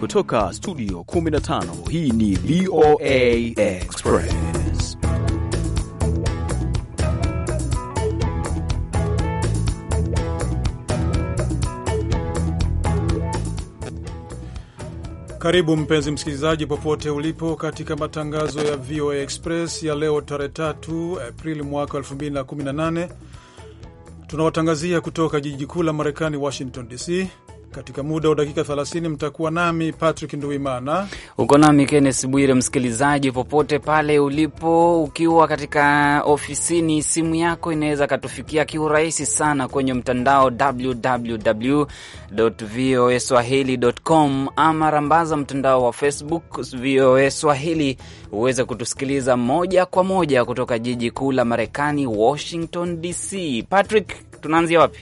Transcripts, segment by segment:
Kutoka studio 15 hii ni VOA Express. Karibu mpenzi msikilizaji, popote ulipo katika matangazo ya VOA Express ya leo tarehe 3 Aprili mwaka 2018. Tunawatangazia kutoka jiji kuu la Marekani, Washington DC. Katika muda wa dakika 30 mtakuwa nami Patrick Nduimana, uko nami Kennes Bwire. Msikilizaji popote pale ulipo, ukiwa katika ofisini, simu yako inaweza katufikia kiurahisi sana kwenye mtandao www voa swahili.com, ama rambaza mtandao wa Facebook VOA Swahili uweze kutusikiliza moja kwa moja kutoka jiji kuu la Marekani, Washington DC. Patrick, tunaanzia wapi?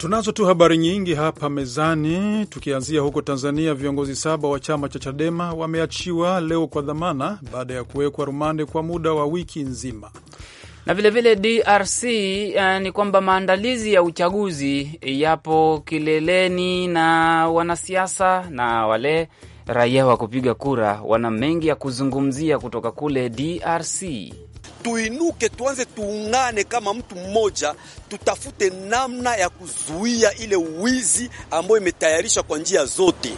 Tunazo tu habari nyingi hapa mezani, tukianzia huko Tanzania. Viongozi saba wa chama cha Chadema wameachiwa leo kwa dhamana baada ya kuwekwa rumande kwa muda wa wiki nzima. Na vilevile vile DRC eh, ni kwamba maandalizi ya uchaguzi yapo kileleni na wanasiasa na wale raia wa kupiga kura wana mengi ya kuzungumzia kutoka kule DRC tuinuke, tuanze, tuungane kama mtu mmoja, tutafute namna ya kuzuia ile wizi ambayo imetayarishwa kwa njia zote.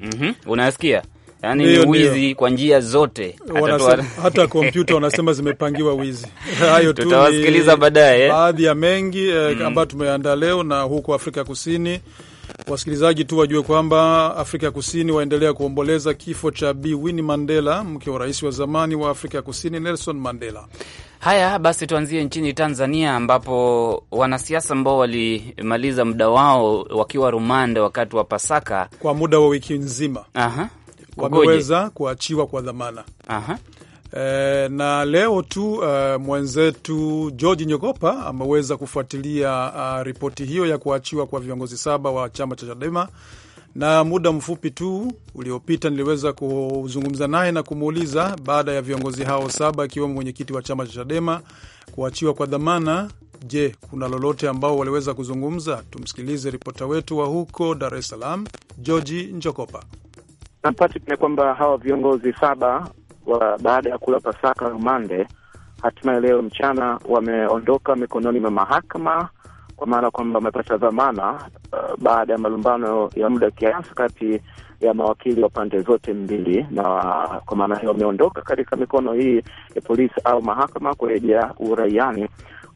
mm -hmm. Unasikia? Yani ni wizi kwa njia zote, hata kompyuta wanasema zimepangiwa wizi. Hayo tu tutawasikiliza baadaye, baadhi ya mengi eh, mhm. ambayo tumeandaa leo na huko Afrika Kusini Wasikilizaji tu wajue kwamba Afrika ya Kusini waendelea kuomboleza kifo cha Bi Winnie Mandela, mke wa rais wa zamani wa Afrika ya Kusini Nelson Mandela. Haya basi, tuanzie nchini Tanzania ambapo wanasiasa ambao walimaliza muda wao wakiwa rumande wakati wa Pasaka kwa muda wa wiki nzima wameweza kuachiwa kwa dhamana. Aha. E, na leo tu uh, mwenzetu George Nyogopa ameweza kufuatilia uh, ripoti hiyo ya kuachiwa kwa viongozi saba wa chama cha Chadema, na muda mfupi tu uliopita niliweza kuzungumza naye na kumuuliza baada ya viongozi hao saba ikiwemo mwenyekiti wa chama cha Chadema kuachiwa kwa dhamana, je, kuna lolote ambao waliweza kuzungumza? Tumsikilize ripota wetu wa huko Dar es Salaam, George Njogopa. ni kwamba hawa viongozi saba wa baada ya kula Pasaka rumande, hatimaye leo mchana wameondoka mikononi mwa mahakama kwa maana kwamba wamepata dhamana uh, baada ya malumbano ya muda kiasi kati ya mawakili wa pande zote mbili, na kwa maana hiyo wameondoka katika mikono hii ya polisi au mahakama kurejea uraiani,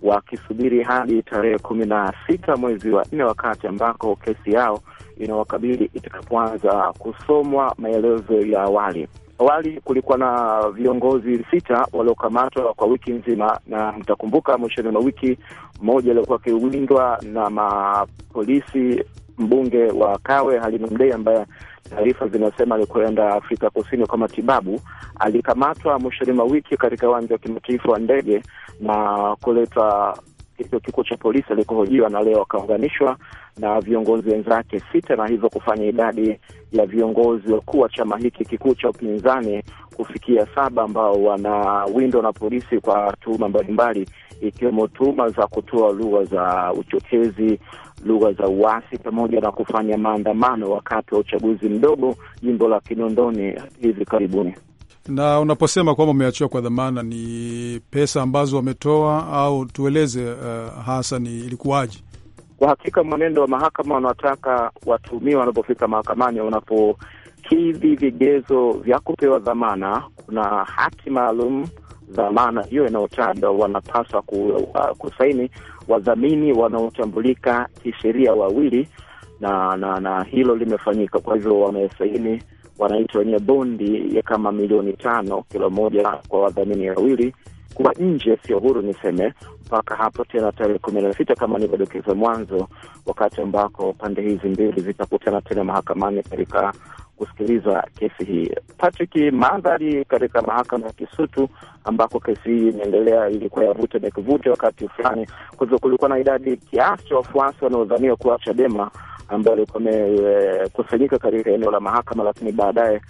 wakisubiri hadi tarehe kumi na sita mwezi wa nne, wakati ambako kesi yao inawakabili itakapoanza kusomwa maelezo ya awali. Awali kulikuwa na viongozi sita waliokamatwa kwa wiki nzima, na mtakumbuka mwishoni mwa wiki mmoja aliokuwa akiwindwa na mapolisi, mbunge wa Kawe Halima Mdee ambaye taarifa zinasema alikwenda Afrika Kusini kwa matibabu, alikamatwa mwishoni mwa wiki katika uwanja wa kimataifa wa ndege na kuletwa kituo kikuu cha polisi alikohojiwa, na leo akaunganishwa na viongozi wenzake sita, na hivyo kufanya idadi ya viongozi wakuu wa chama hiki kikuu cha upinzani kufikia saba ambao wanawindwa na polisi kwa tuhuma mbalimbali, ikiwemo tuhuma za kutoa lugha za uchochezi, lugha za uasi, pamoja na kufanya maandamano wakati wa uchaguzi mdogo jimbo la Kinondoni hivi karibuni. Na unaposema kwamba umeachiwa kwa dhamana, ni pesa ambazo wametoa au tueleze, uh, hasa ni ilikuwaje? Kwa hakika mwenendo wa mahakama wanaotaka watuhumiwa wanapofika mahakamani, wanapokidhi vigezo vya kupewa dhamana, kuna hati maalum dhamana hiyo inayotajwa, wanapaswa uh, kusaini wadhamini wanaotambulika kisheria wawili, na, na, na hilo limefanyika. Kwa hivyo wamesaini wananchi wenye bondi ya kama milioni tano kilo moja kwa wadhamini wawili kuwa nje, sio huru niseme, mpaka hapo tena tarehe kumi na sita kama nivyodokeza mwanzo, wakati ambako pande hizi mbili zitakutana tena mahakamani katika kusikiliza kesi hii. Patrick, mandhari katika mahakama ya Kisutu ambako kesi hii imeendelea ilikuwa yavute na kivute wakati fulani. Kwa hivyo kulikuwa na idadi kiasi cha wafuasi wanaodhaniwa kuwa Chadema amekusanyika e, katika eneo la mahakama, lakini baadaye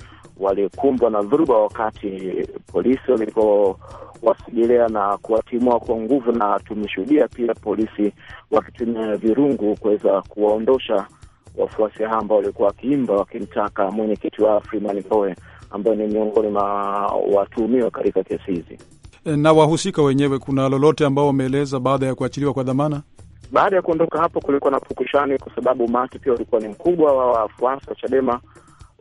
walikumbwa na dhuruba wakati polisi walipowasigilia na kuwatimua kwa nguvu, na tumeshuhudia pia polisi wakitumia virungu kuweza kuwaondosha wafuasi hao ambao walikuwa wakiimba wakimtaka mwenyekiti wa Freeman Mbowe ambayo ni miongoni mwa watuhumiwa katika kesi hizi. Eh, na wahusika wenyewe, kuna lolote ambao wameeleza baada ya kuachiliwa kwa dhamana? Baada ya kuondoka hapo, kulikuwa na pukushani, kwa sababu umati pia ulikuwa ni mkubwa wa wafuasi wa Chadema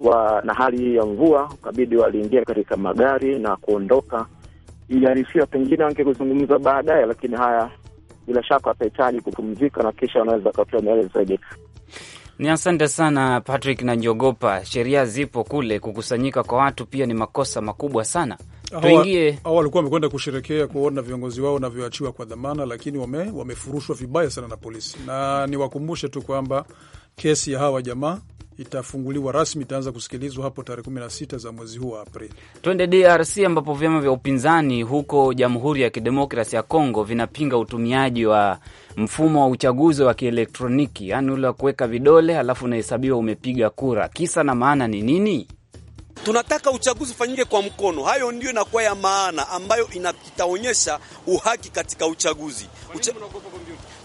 wa, na hali hii ya mvua ukabidi waliingia katika magari na kuondoka. Iliarifiwa pengine wangekuzungumza baadaye, lakini haya bila shaka watahitaji kupumzika na kisha wanaweza wakatoa maelezo zaidi. Ni asante sana Patrick na Njogopa. Sheria zipo kule, kukusanyika kwa watu pia ni makosa makubwa sana tuingie. Hao walikuwa wamekwenda kusherekea kuona viongozi wao wanavyoachiwa kwa dhamana, lakini wame, wamefurushwa vibaya sana na polisi, na niwakumbushe tu kwamba kesi ya hawa jamaa itafunguliwa rasmi, itaanza kusikilizwa hapo tarehe 16 za mwezi huu wa Aprili. Twende DRC ambapo vyama vya upinzani huko Jamhuri ya Kidemokrasi ya Kongo vinapinga utumiaji wa mfumo wa uchaguzi wa kielektroniki, yaani ule wa kuweka vidole alafu unahesabiwa umepiga kura. Kisa na maana ni nini? Tunataka uchaguzi ufanyike kwa mkono. Hayo ndio inakuwa ya maana ambayo itaonyesha uhaki katika uchaguzi. Ucha...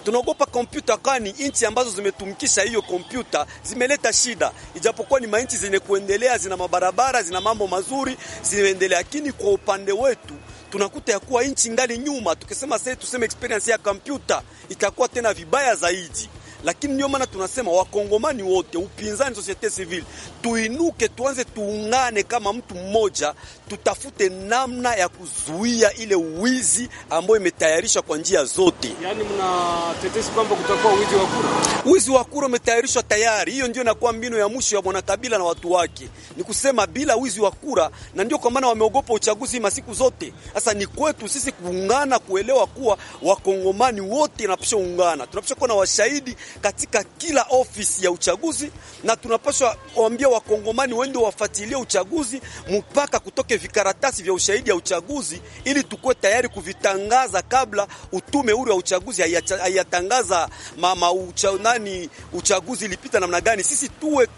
tunaogopa kompyuta, kwani nchi ambazo zimetumikisha hiyo kompyuta zimeleta shida, ijapokuwa ni manchi zenye kuendelea, zina mabarabara, zina mambo mazuri, zimeendelea, lakini kwa upande wetu tunakuta ya kuwa nchi ngali nyuma. Tukisema sasa tuseme experience ya kompyuta itakuwa tena vibaya zaidi. Lakini ndio maana tunasema wakongomani wote, upinzani, societe civile, tuinuke, tuanze, tuungane kama mtu mmoja, tutafute namna ya kuzuia ile wizi ambayo imetayarishwa kwa njia zote. Yani mnatetesi kwamba kutakuwa wizi wa kura, wizi wa kura umetayarishwa tayari. Hiyo ndio inakuwa mbinu ya mwisho ya bwana Kabila na watu wake, ni kusema bila wizi wa kura, na ndio kwa maana wameogopa uchaguzi masiku zote. Sasa ni kwetu sisi kuungana, kuelewa kuwa wakongomani wote tunapaswa kuungana, tunapaswa kuwa na washahidi katika kila ofisi ya uchaguzi, na tunapaswa kuambia wakongomani wende wafuatilie uchaguzi mpaka kutoke vikaratasi vya ushahidi ya uchaguzi, ili tukuwe tayari kuvitangaza kabla utume ule wa uchaguzi haiyatangaza mama ucha, nani uchaguzi ilipita namna gani. Sisi tuwe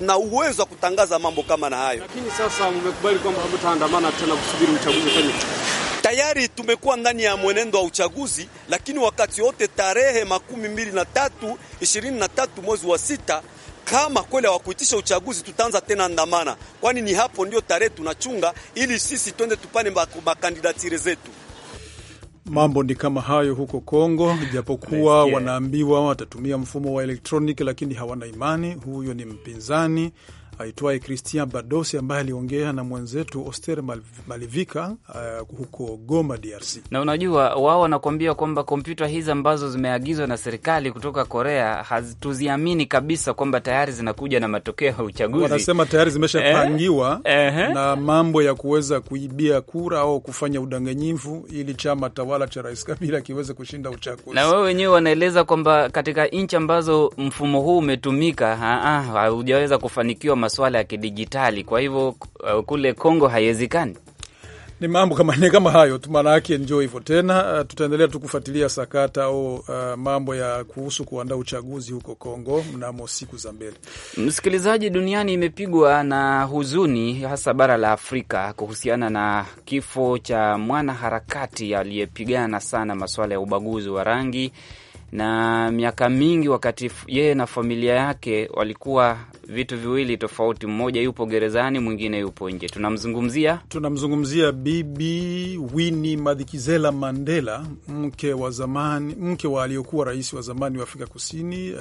na uwezo wa kutangaza mambo kama na hayo. Lakini sasa mmekubali kwamba hamtaandamana tena kusubiri uchaguzi kwenye Tayari tumekuwa ndani ya mwenendo wa uchaguzi, lakini wakati wote tarehe makumi mbili na tatu ishirini na tatu mwezi wa sita kama kweli hawakuitisha uchaguzi, tutaanza tena andamana, kwani ni hapo ndio tarehe tunachunga, ili sisi twende tupane makandidatire zetu. Mambo ni kama hayo huko Kongo, japokuwa wanaambiwa watatumia mfumo wa elektroniki, lakini hawana imani. Huyo ni mpinzani aitwaye Christian Badosi ambaye aliongea na mwenzetu Oster Malivika uh, huko Goma, DRC. Na unajua wao wanakuambia kwamba kompyuta hizi ambazo zimeagizwa na serikali kutoka Korea hatuziamini kabisa kwamba tayari zinakuja na matokeo ya uchaguzi. Wanasema tayari zimeshapangiwa eh, eh, na mambo ya kuweza kuibia kura au kufanya udanganyifu ili chama tawala cha Rais Kabila kiweze kushinda uchaguzi. Na wao wenyewe wanaeleza kwamba katika nchi ambazo mfumo huu umetumika haujaweza kufanikiwa masuala ya kidijitali. Kwa hivyo uh, kule Kongo haiwezekani ni mambo kama ni kama hayo tu, maana yake ndio hivyo tena. Uh, tutaendelea tu kufuatilia sakata au uh, mambo ya kuhusu kuandaa uchaguzi huko Kongo mnamo siku za mbele. Msikilizaji, duniani imepigwa na huzuni, hasa bara la Afrika, kuhusiana na kifo cha mwanaharakati aliyepigana sana masuala ya ubaguzi wa rangi na miaka mingi, wakati yeye na familia yake walikuwa vitu viwili tofauti, mmoja yupo gerezani, mwingine yupo nje. Tunamzungumzia tunamzungumzia Bibi Wini Madhikizela Mandela, mke wa zamani, mke wa aliyokuwa rais wa zamani wa Afrika Kusini uh,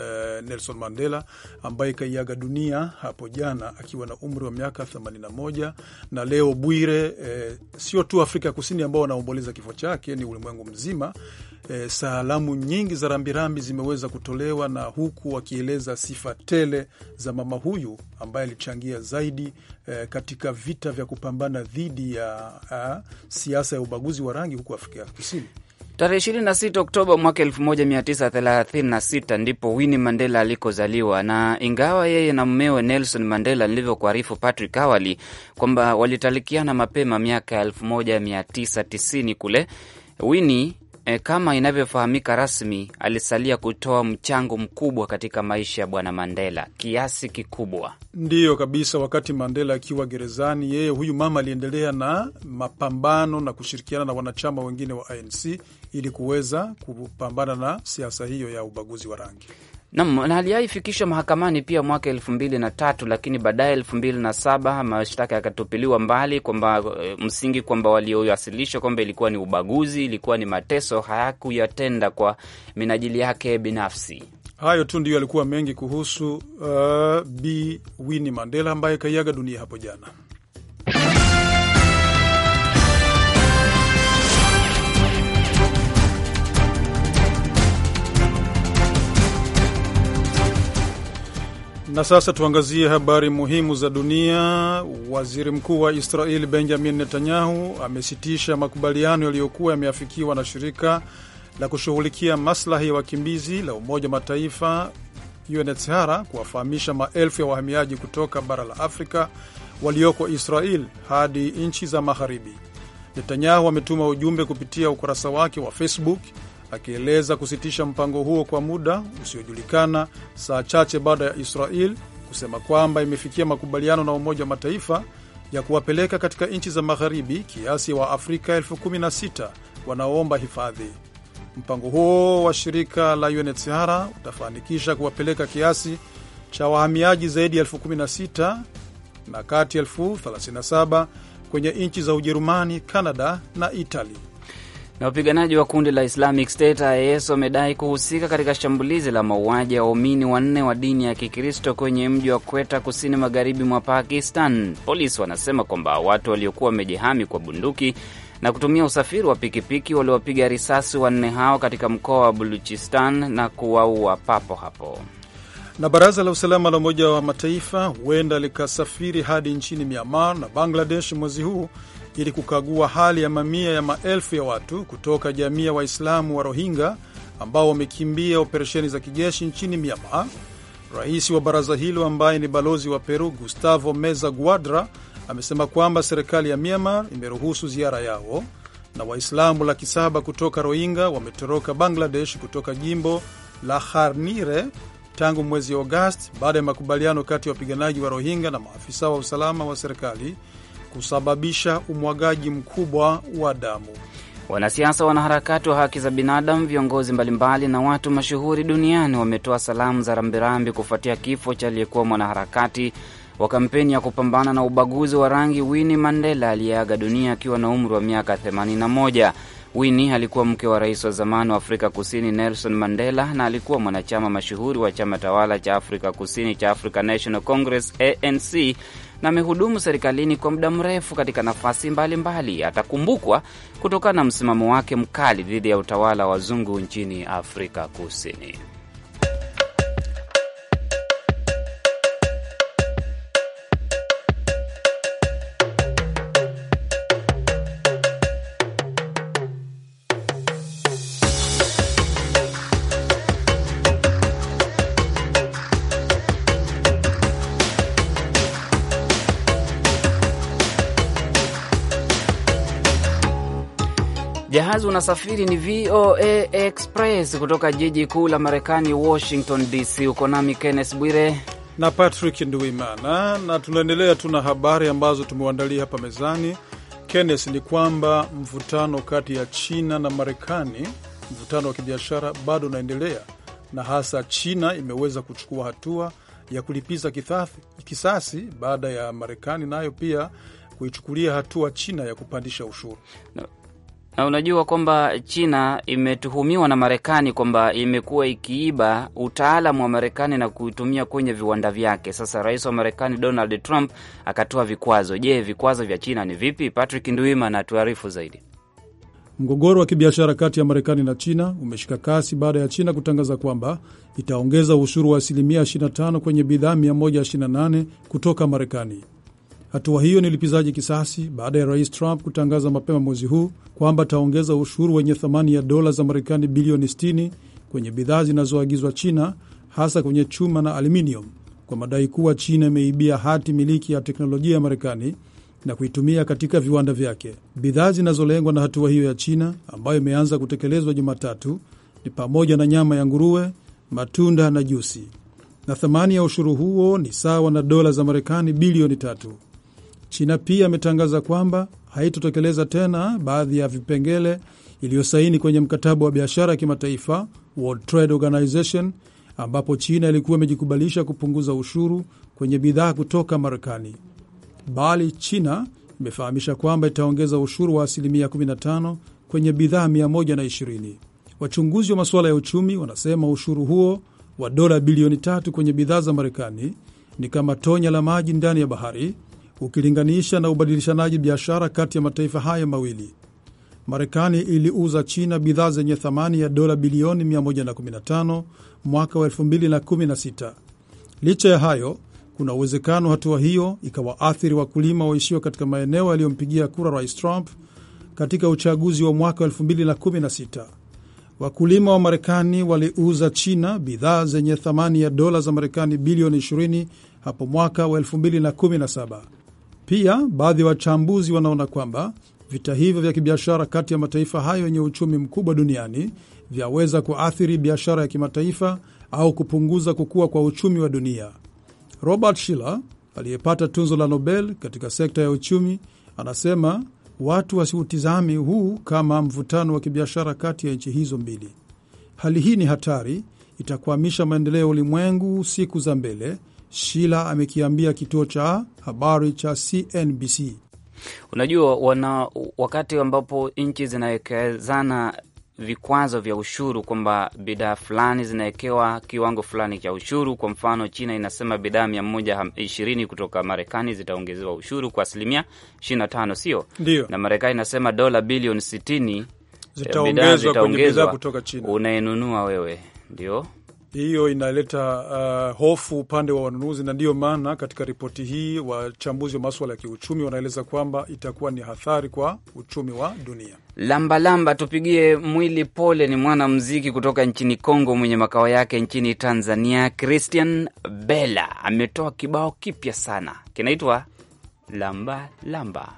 Nelson Mandela, ambaye ikaiaga dunia hapo jana akiwa na umri wa miaka 81. Na leo Bwire, uh, sio tu Afrika Kusini ambao wanaomboleza kifo chake, ni ulimwengu mzima. Uh, salamu nyingi za rambirambi zimeweza kutolewa na huku wakieleza sifa tele za mama huyu ambaye alichangia zaidi eh, katika vita vya kupambana dhidi ya eh, siasa ya ubaguzi wa rangi huku Afrika ya Kusini. Tarehe 26 Oktoba mwaka 1936 ndipo Winnie Mandela alikozaliwa, na ingawa yeye na mmewe Nelson Mandela, nilivyokuarifu Patrick awali kwamba walitalikiana mapema miaka 1990 kule, Winnie E, kama inavyofahamika rasmi, alisalia kutoa mchango mkubwa katika maisha ya bwana Mandela kiasi kikubwa. Ndiyo kabisa. Wakati Mandela akiwa gerezani, yeye huyu mama aliendelea na mapambano na kushirikiana na wanachama wengine wa ANC ili kuweza kupambana na siasa hiyo ya ubaguzi wa rangi. Nam na hali mahakamani pia mwaka elfu mbili na tatu lakini baadaye elfu mbili na saba mashtaka yakatupiliwa mbali, kwamba eh, msingi kwamba waliowasilisha kwamba ilikuwa ni ubaguzi, ilikuwa ni mateso, hayakuyatenda kwa minajili yake binafsi. Hayo tu ndiyo yalikuwa mengi kuhusu uh, eh, b Winnie Mandela ambaye kaiaga dunia hapo jana. Na sasa tuangazie habari muhimu za dunia. Waziri mkuu wa israel Benjamin Netanyahu amesitisha makubaliano yaliyokuwa yameafikiwa na shirika la kushughulikia maslahi ya wakimbizi la Umoja Mataifa UNHCR kuwafahamisha maelfu ya wahamiaji kutoka bara la Afrika walioko Israel hadi nchi za magharibi. Netanyahu ametuma ujumbe kupitia ukurasa wake wa Facebook akieleza kusitisha mpango huo kwa muda usiojulikana saa chache baada ya Israel kusema kwamba imefikia makubaliano na Umoja wa Mataifa ya kuwapeleka katika nchi za magharibi kiasi wa Afrika elfu kumi na sita wanaoomba hifadhi. Mpango huo wa shirika la UNHCR utafanikisha kuwapeleka kiasi cha wahamiaji zaidi ya elfu kumi na sita na kati elfu thelathini na saba kwenye nchi za Ujerumani, Kanada na Itali. Na wapiganaji wa kundi la Islamic State IS wamedai kuhusika katika shambulizi la mauaji ya waumini wanne wa dini ya Kikristo kwenye mji wa Kweta kusini magharibi mwa Pakistan. Polisi wanasema kwamba watu waliokuwa wamejihami kwa bunduki na kutumia usafiri wa pikipiki waliwapiga risasi wanne hao katika mkoa wa Baluchistan na kuwaua papo hapo. Na baraza la usalama la Umoja wa Mataifa huenda likasafiri hadi nchini Myanmar na Bangladesh mwezi huu ili kukagua hali ya mamia ya maelfu ya watu kutoka jamii ya Waislamu wa Rohingya ambao wamekimbia operesheni za kijeshi nchini Myanmar. Rais wa baraza hilo ambaye ni balozi wa Peru Gustavo Meza Guadra amesema kwamba serikali ya Myanmar imeruhusu ziara yao, na Waislamu laki saba kutoka Rohingya wametoroka Bangladesh kutoka jimbo la harnire tangu mwezi Agosti baada ya makubaliano kati ya wapiganaji wa Rohingya na maafisa wa usalama wa serikali kusababisha umwagaji mkubwa wa damu. Wanasiasa, wanaharakati wa haki za binadamu, viongozi mbalimbali na watu mashuhuri duniani wametoa salamu za rambirambi kufuatia kifo cha aliyekuwa mwanaharakati wa kampeni ya kupambana na ubaguzi wa rangi Winnie Mandela aliyeaga dunia akiwa na umri wa miaka 81. Winnie alikuwa mke wa rais wa zamani wa Afrika Kusini Nelson Mandela na alikuwa mwanachama mashuhuri wa chama tawala cha Afrika Kusini cha African National Congress ANC na amehudumu serikalini kwa muda mrefu katika nafasi mbalimbali. Atakumbukwa kutokana na msimamo wake mkali dhidi ya utawala wa wazungu nchini Afrika Kusini. Mars, unasafiri ni VOA Express kutoka jiji kuu la Marekani, Washington DC. Uko nami Kennes Bwire na Patrick Nduimana, na tunaendelea, tuna habari ambazo tumewaandalia hapa mezani. Kennes, ni kwamba mvutano kati ya China na Marekani, mvutano wa kibiashara bado unaendelea, na hasa China imeweza kuchukua hatua ya kulipiza kithafi, kisasi baada ya Marekani nayo pia kuichukulia hatua China ya kupandisha ushuru. Na unajua kwamba China imetuhumiwa na Marekani kwamba imekuwa ikiiba utaalamu wa Marekani na kuitumia kwenye viwanda vyake. Sasa rais wa Marekani Donald Trump akatoa vikwazo. Je, vikwazo vya China ni vipi? Patrick Nduima anatuarifu zaidi. Mgogoro wa kibiashara kati ya Marekani na China umeshika kasi baada ya China kutangaza kwamba itaongeza ushuru wa asilimia 25 kwenye bidhaa 128 kutoka Marekani. Hatua hiyo ni lipizaji kisasi baada ya rais Trump kutangaza mapema mwezi huu kwamba ataongeza ushuru wenye thamani ya dola za Marekani bilioni 60 kwenye bidhaa zinazoagizwa China, hasa kwenye chuma na aluminium, kwa madai kuwa China imeibia hati miliki ya teknolojia ya Marekani na kuitumia katika viwanda vyake. Bidhaa zinazolengwa na hatua hiyo ya China ambayo imeanza kutekelezwa Jumatatu ni pamoja na nyama ya nguruwe, matunda na jusi, na thamani ya ushuru huo ni sawa na dola za Marekani bilioni tatu. China pia ametangaza kwamba haitotekeleza tena baadhi ya vipengele iliyosaini kwenye mkataba wa biashara ya kimataifa World Trade Organization, ambapo China ilikuwa imejikubalisha kupunguza ushuru kwenye bidhaa kutoka Marekani, bali China imefahamisha kwamba itaongeza ushuru wa asilimia 15 kwenye bidhaa 120. Wachunguzi wa masuala ya uchumi wanasema ushuru huo wa dola bilioni tatu kwenye bidhaa za Marekani ni kama tonya la maji ndani ya bahari ukilinganisha na ubadilishanaji biashara kati ya mataifa hayo mawili. Marekani iliuza China bidhaa zenye thamani ya dola bilioni 115 mwaka wa 2016. Licha ya hayo, kuna uwezekano hatua hiyo ikawaathiri wakulima waishiwa katika maeneo yaliyompigia kura Rais Trump katika uchaguzi wa mwaka wa 2016. Wakulima wa Marekani waliuza China bidhaa zenye thamani ya dola za Marekani bilioni 20 hapo mwaka wa 2017. Pia baadhi ya wachambuzi wanaona kwamba vita hivyo vya kibiashara kati ya mataifa hayo yenye uchumi mkubwa duniani vyaweza kuathiri biashara ya kimataifa au kupunguza kukua kwa uchumi wa dunia. Robert Shiller aliyepata tunzo la Nobel katika sekta ya uchumi anasema watu wasiutizami huu kama mvutano wa kibiashara kati ya nchi hizo mbili. Hali hii ni hatari, itakwamisha maendeleo ya ulimwengu siku za mbele Shila amekiambia kituo cha habari cha CNBC. Unajua, wana wakati ambapo nchi zinawekezana vikwazo vya ushuru kwamba bidhaa fulani zinawekewa kiwango fulani cha ushuru. Kwa mfano, China inasema bidhaa mia moja ishirini kutoka Marekani zitaongezewa ushuru kwa asilimia ishirini na tano, sio ndio? Na Marekani inasema dola bilioni sitini eh, zitaongezwa, zitaongezwa, kutoka China unayenunua wewe, ndio hiyo inaleta uh, hofu upande wa wanunuzi, na ndiyo maana katika ripoti hii wachambuzi wa maswala ya kiuchumi wanaeleza kwamba itakuwa ni hathari kwa uchumi wa dunia. Lambalamba tupigie mwili pole ni mwanamuziki kutoka nchini Kongo mwenye makao yake nchini Tanzania, Christian Bella ametoa kibao kipya sana kinaitwa lambalamba lamba.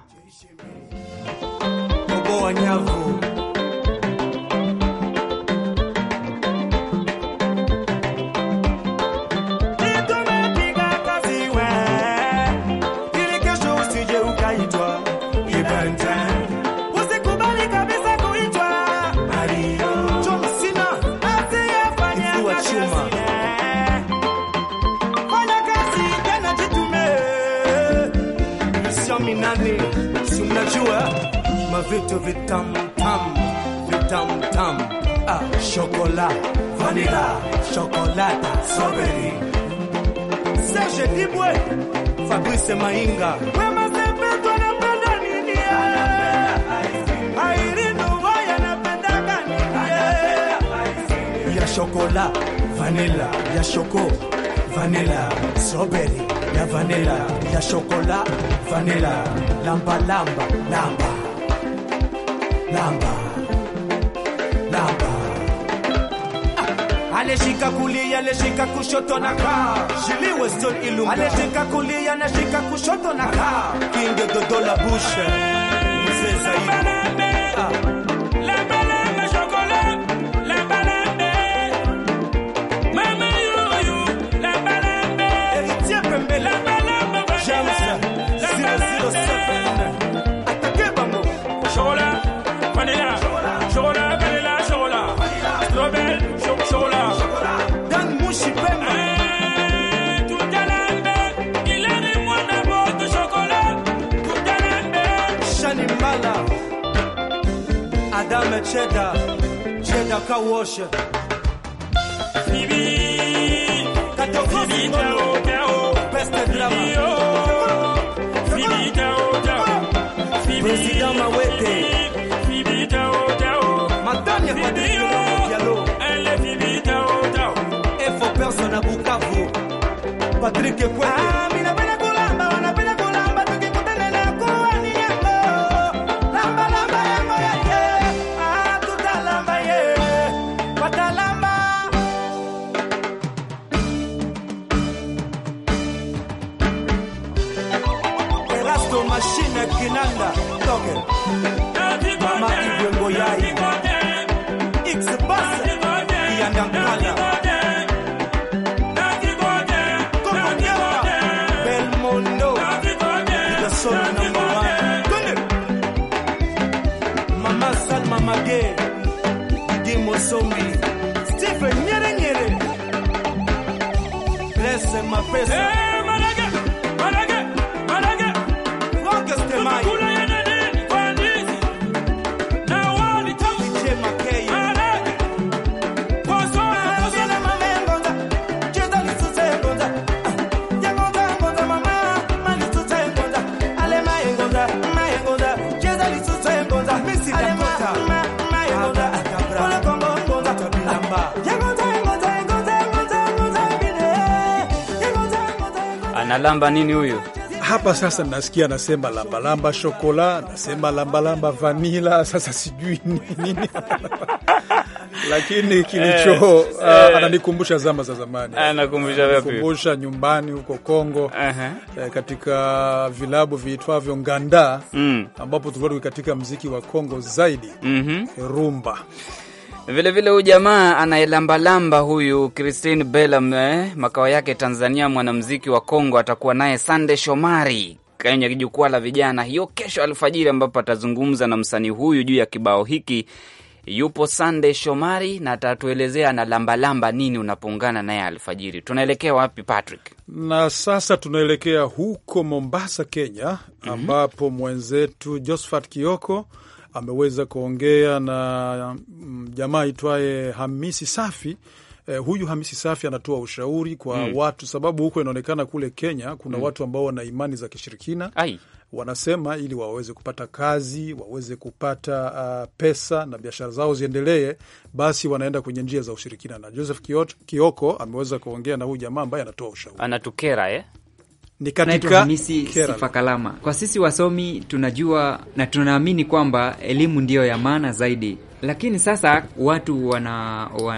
vitu vitam tam vitam tam ah, chocolat, vanilla, chocolata, strawberry. Serge Dibwe, Fabrice Mainga, Wema Sepetu anapenda nini? Airino Waya anapenda nini? Ya chocolat, vanilla, ya choco, vanilla, strawberry, ya vanilla, ya chocolat, vanilla, lamba lamba, lamba. namba namba, ah. aleshika kulia, aleshika kushoto na kaa shiliwe stone ilunga, aleshika kulia, anashika kushoto na kaa kinge dodola bushe mzee zaidi ale cheddar, cheddar kawosze. Fibi, kato fibi tao tao, peste drama. Fibi tao tao, fibi tao tao, madame fibi tao tao. Et faut personne à Bukavu. Patrick Kwete. Ah, mina bena Zombie, Stephen Nyere Nyere. Bless my face. Hey! Analamba nini huyo? Hapa sasa nasikia anasema lambalamba shokola, nasema lambalamba vanila, sasa sijui nini lakini kilicho eh, ah, eh, uh, ananikumbusha zama za zamani, ananikumbusha nyumbani huko Kongo uh -huh. Eh, katika vilabu viitwavyo nganda mm. ambapo tulikuwa katika mziki wa Kongo zaidi mm -hmm. rumba Vilevile huyu jamaa anayelambalamba huyu Christine Belam eh, makao yake Tanzania, mwanamuziki wa Kongo, atakuwa naye Sande Shomari kwenye jukwaa la vijana hiyo kesho alfajiri, ambapo atazungumza na msanii huyu juu ya kibao hiki. Yupo Sande Shomari na atatuelezea na lambalamba nini unapoungana naye alfajiri. Tunaelekea wapi Patrick? Na sasa tunaelekea huko Mombasa, Kenya, mhm. ambapo mm -hmm. mwenzetu josphat Kioko ameweza kuongea na mm, jamaa aitwaye Hamisi Safi. Eh, huyu Hamisi Safi anatoa ushauri kwa mm. watu, sababu huko inaonekana kule Kenya kuna mm. watu ambao wana imani za kishirikina Ai. Wanasema ili waweze kupata kazi, waweze kupata uh, pesa na biashara zao ziendelee, basi wanaenda kwenye njia za ushirikina, na Joseph Kioko ameweza kuongea na huyu jamaa ambaye anatoa ushauri, anatukera eh? Ni Hamisi Kwa sisi wasomi tunajua na tunaamini kwamba elimu ndiyo ya maana zaidi, lakini sasa watu wana,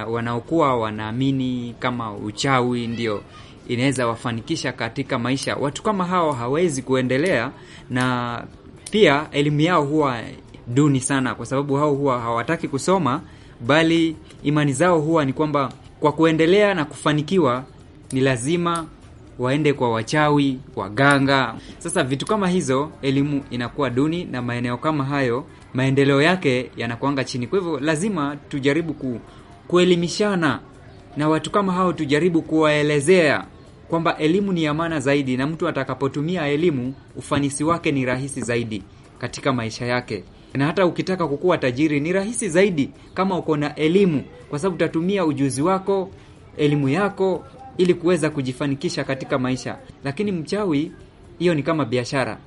wanaokuwa wanaamini kama uchawi ndio inaweza wafanikisha katika maisha, watu kama hao hawezi kuendelea, na pia elimu yao huwa duni sana, kwa sababu hao huwa hawataki kusoma, bali imani zao huwa ni kwamba kwa kuendelea na kufanikiwa ni lazima waende kwa wachawi, waganga. Sasa vitu kama hizo, elimu inakuwa duni, na maeneo kama hayo maendeleo yake yanakuanga chini. Kwa hivyo lazima tujaribu ku, kuelimishana na watu kama hao, tujaribu kuwaelezea kwamba elimu ni amana zaidi, na mtu atakapotumia elimu ufanisi wake ni rahisi zaidi katika maisha yake na hata ukitaka kukuwa tajiri ni rahisi zaidi kama uko na elimu, kwa sababu utatumia ujuzi wako, elimu yako ili kuweza kujifanikisha katika maisha. Lakini mchawi, hiyo ni kama biashara.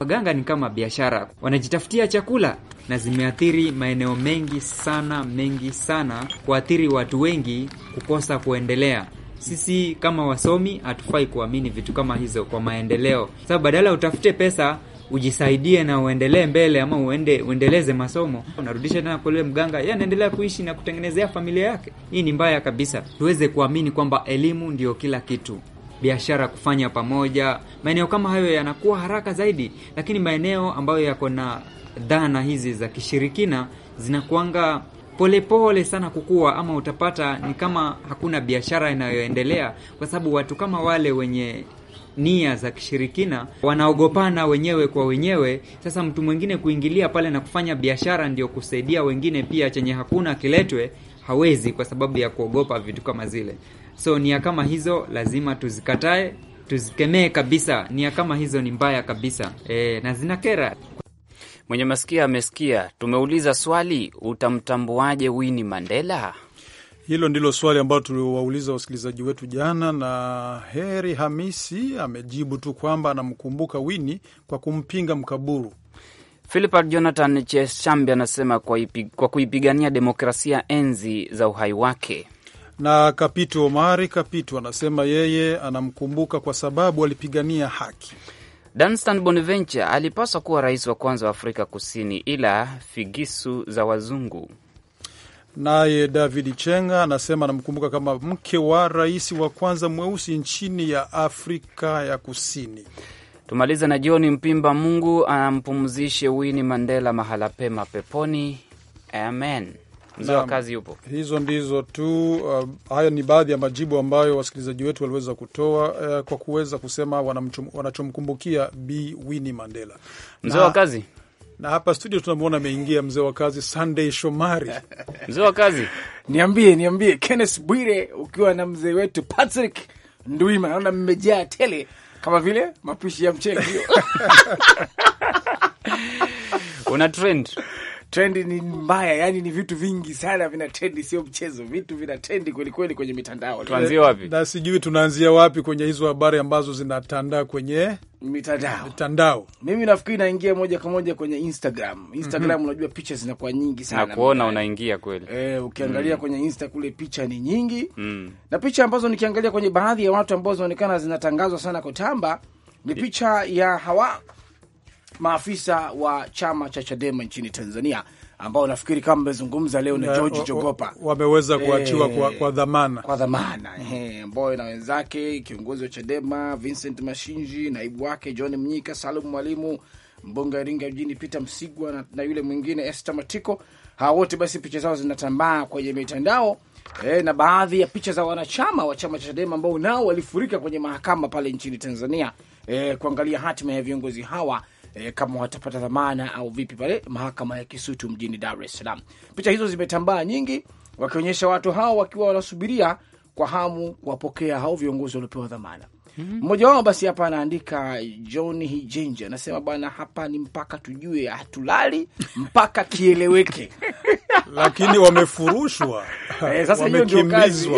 Waganga ni kama biashara, wanajitafutia chakula, na zimeathiri maeneo mengi sana, mengi sana, kuathiri watu wengi kukosa kuendelea. Sisi kama wasomi hatufai kuamini vitu kama hizo kwa maendeleo, sababu badala utafute pesa ujisaidie na uendelee mbele ama uende uendeleze masomo, unarudisha tena kwa yule mganga, yeye anaendelea kuishi na kutengenezea familia yake. Hii ni mbaya kabisa. Tuweze kuamini kwamba elimu ndiyo kila kitu, biashara kufanya pamoja. Maeneo kama hayo yanakuwa haraka zaidi, lakini maeneo ambayo yako na dhana hizi za kishirikina zinakuanga polepole sana kukua, ama utapata ni kama hakuna biashara inayoendelea, kwa sababu watu kama wale wenye nia za kishirikina, wanaogopana wenyewe kwa wenyewe. Sasa mtu mwingine kuingilia pale na kufanya biashara ndio kusaidia wengine pia, chenye hakuna kiletwe hawezi, kwa sababu ya kuogopa vitu kama zile. So nia kama hizo lazima tuzikatae, tuzikemee kabisa. Nia kama hizo ni mbaya kabisa, e, na zinakera. Mwenye masikia amesikia. Tumeuliza swali, utamtambuaje Winnie Mandela? Hilo ndilo swali ambalo tuliwauliza wasikilizaji wetu jana, na Heri Hamisi amejibu tu kwamba anamkumbuka Wini kwa kumpinga mkaburu. Philip Jonathan Cheshambi anasema kwa, ipi, kwa kuipigania demokrasia enzi za uhai wake. Na Kapitu Omari Kapitu anasema yeye anamkumbuka kwa sababu alipigania haki. Danstan Bonaventure alipaswa kuwa rais wa kwanza wa Afrika Kusini, ila figisu za wazungu Naye David Chenga anasema anamkumbuka kama mke wa rais wa kwanza mweusi nchini ya Afrika ya Kusini. Tumaliza na John Mpimba, Mungu ampumzishe Winnie Mandela mahala pema peponi, amen. Mzee wa kazi yupo. Hizo ndizo tu uh, haya ni baadhi ya majibu ambayo wasikilizaji wetu waliweza kutoa uh, kwa kuweza kusema wanachomkumbukia B Winnie Mandela. Mzee wa kazi na hapa studio tunamwona ameingia mzee wa kazi Sunday Shomari. Mzee wa kazi, niambie niambie, Kenneth Bwire ukiwa na mzee wetu Patrick Ndwima, naona mmejaa tele kama vile mapishi ya mchele hiyo una trend trendi ni mbaya, yani ni vitu vingi sana vina trendi, sio mchezo, vitu vina trendi kwelikweli kwenye mitandao. Tuanzie wapi? Na sijui tunaanzia wapi kwenye hizo habari ambazo zinatandaa kwenye mitandao mitandao. Mimi nafikiri naingia moja kwa moja kwenye Instagram. Instagram mm -hmm. Unajua picha zinakuwa nyingi sana unaingia kweli e, ukiangalia mm. kwenye insta kule picha ni nyingi mm. na picha ambazo nikiangalia kwenye baadhi ya watu ambao zinaonekana zinatangazwa sana kutamba ni picha ya hawa maafisa wa chama cha Chadema nchini Tanzania ambao nafikiri kama mmezungumza leo na George Jogopa wameweza kuachiwa eh, kwa, kwa dhamana kwa dhamana e, na wenzake, kiongozi wa Chadema Vincent Mashinji, naibu wake John Mnyika, Salum Mwalimu, mbunge wa Iringa mjini Peter Msigwa na, na yule mwingine Esther Matiko. Hawa wote basi picha zao zinatambaa kwenye mitandao e, na baadhi ya picha za wanachama wa chama cha Chadema ambao nao walifurika kwenye mahakama pale nchini Tanzania e, kuangalia hatima ya viongozi hawa e, kama watapata dhamana au vipi pale mahakama ya Kisutu mjini Dar es Salaam. Picha hizo zimetambaa nyingi, wakionyesha watu hao wakiwa wanasubiria kwa hamu kuwapokea hao viongozi waliopewa dhamana. Mhm. Mmoja wao basi hapa anaandika John Hijenja anasema, bwana, hapa ni mpaka tujue, hatulali mpaka kieleweke. lakini wamefurushwa eh, sasa hiyo ndio kazi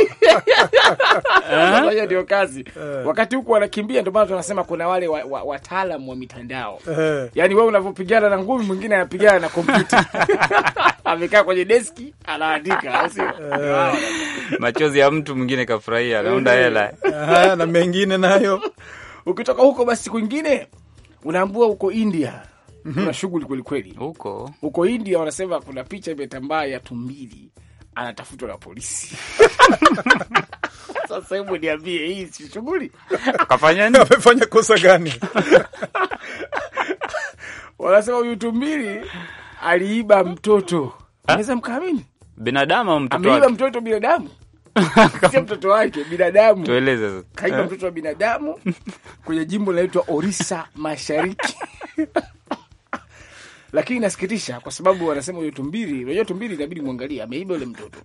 eh? hiyo ndio kazi eh. Wakati huku wanakimbia, ndio maana tunasema kuna wale wataalamu wa, wa, wa mitandao yani eh. Yaani wewe unavyopigana na ngumi, mwingine anapigana na kompyuta amekaa kwenye deski anaandika, sio? machozi ya mtu mwingine kafurahia, anaunda hela na mengine nayo. Ukitoka huko basi kwingine unaambua huko India mm -hmm. Kuna shughuli kwelikweli huko huko. India wanasema kuna picha imetambaa ya tumbili anatafutwa na polisi. Sasa hebu niambie, hii si shughuli? nini? Amefanya kosa gani? Wanasema huyu tumbili aliiba mtoto, naweza mkaamini? Binadamu au mtoto? Ameiba mtoto binadamu sio mtoto wake, binadamu. Tueleze sasa, kaiba mtoto wa binadamu kwenye jimbo linaloitwa Orissa Mashariki lakini nasikitisha kwa sababu wanasema huyo tumbili, unajua tumbili inabidi mwangalie ameiba yule mtoto.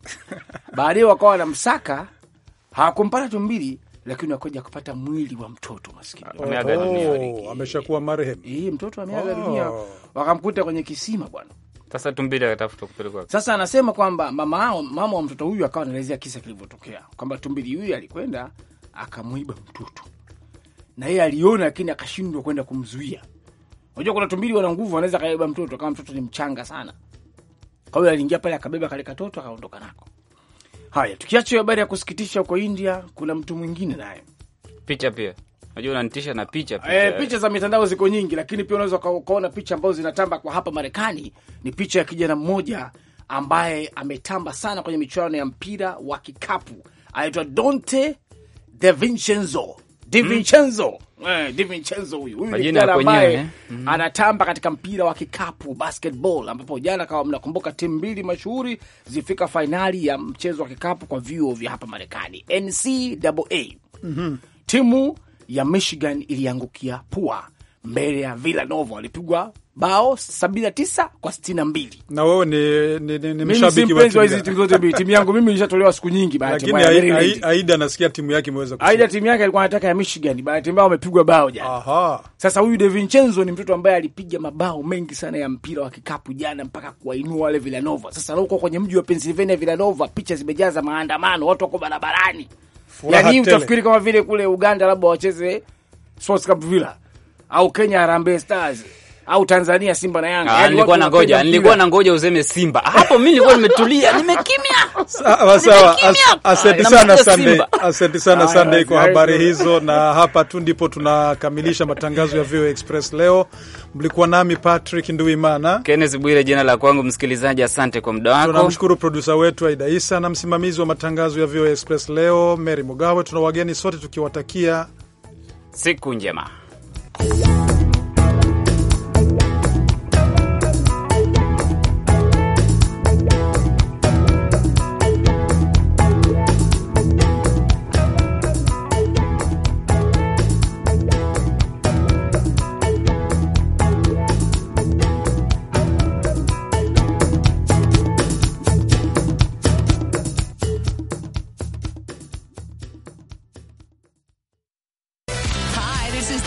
Baadaye wakawa wanamsaka, hawakumpata tumbili lakini wakoja kupata mwili wa mtoto maskini, oh, oh, ameshakuwa marehemu. Hii mtoto ameaga oh. dunia, wakamkuta kwenye kisima bwana. Sasa tumbili akatafuta kupelekwa. Sasa anasema kwamba mama, mama wa mtoto huyu akawa anaelezea kisa kilivyotokea kwamba tumbili huyu alikwenda akamwiba mtoto na yeye aliona, lakini akashindwa kwenda kumzuia Unajua kuna tumbili wana nguvu, wanaweza kabeba mtoto kama mtoto ni mchanga sana. Kwa hiyo aliingia pale akabeba kale katoto akaondoka nako. Haya, tukiacha habari ya kusikitisha huko India, kuna mtu mwingine naye picha pia Unajua unanitisha na picha eh, picha. picha za mitandao ziko nyingi, lakini pia unaweza ukaona picha ambazo zinatamba kwa hapa Marekani. Ni picha ya kijana mmoja ambaye ametamba sana kwenye michuano ya mpira wa kikapu, anaitwa Donte hmm eh, Di Vincenzo huyu huyu ambaye eh? mhm. anatamba katika mpira wa kikapu basketball, ambapo jana kama mnakumbuka timu mbili mashuhuri zilifika fainali ya mchezo wa kikapu kwa vyuo vya hapa Marekani NCAA. mm -hmm. timu ya Michigan iliangukia pua mbele ya Villanova walipigwa bao 79 kwa 62. Na wewe ni, ni, ni, ni mshabiki wa timu hizi timu zote mbili. Timu yangu mimi ilishatolewa siku nyingi bahati mbaya. Lakini Aida anasikia timu yake imeweza kushinda. Aida timu yake alikuwa anataka ya Michigan, bahati mbaya wamepigwa bao jana. Aha. Sasa huyu De ni mtoto ambaye alipiga mabao mengi sana ya mpira wa kikapu jana mpaka kuwainua wale Villanova. Sasa huko kwenye mji wa Pennsylvania Villanova, picha zimejaza maandamano, watu wako barabarani. Yaani utafikiri kama vile kule Uganda labda wacheze Sports Cup Villa au Kenya Harambee Stars au Tanzania Simba na Yanga. Ah, yaani nilikuwa na ngoja, nilikuwa na ngoja useme Simba. Ah, hapo mimi nilikuwa nimetulia, nimekimya. Sawa sawa. Ah, asante sana Sunday. Asante sana Sunday kwa habari hizo na hapa tu ndipo tunakamilisha matangazo ya VOA Express leo. Mlikuwa nami Patrick Nduimana. Kenneth Bwire jina la kwangu msikilizaji, asante kwa muda wako. Tunamshukuru producer wetu Aida Isa na msimamizi wa matangazo ya VOA Express leo Mary Mugawe. wageni sote tukiwatakia siku njema. Love.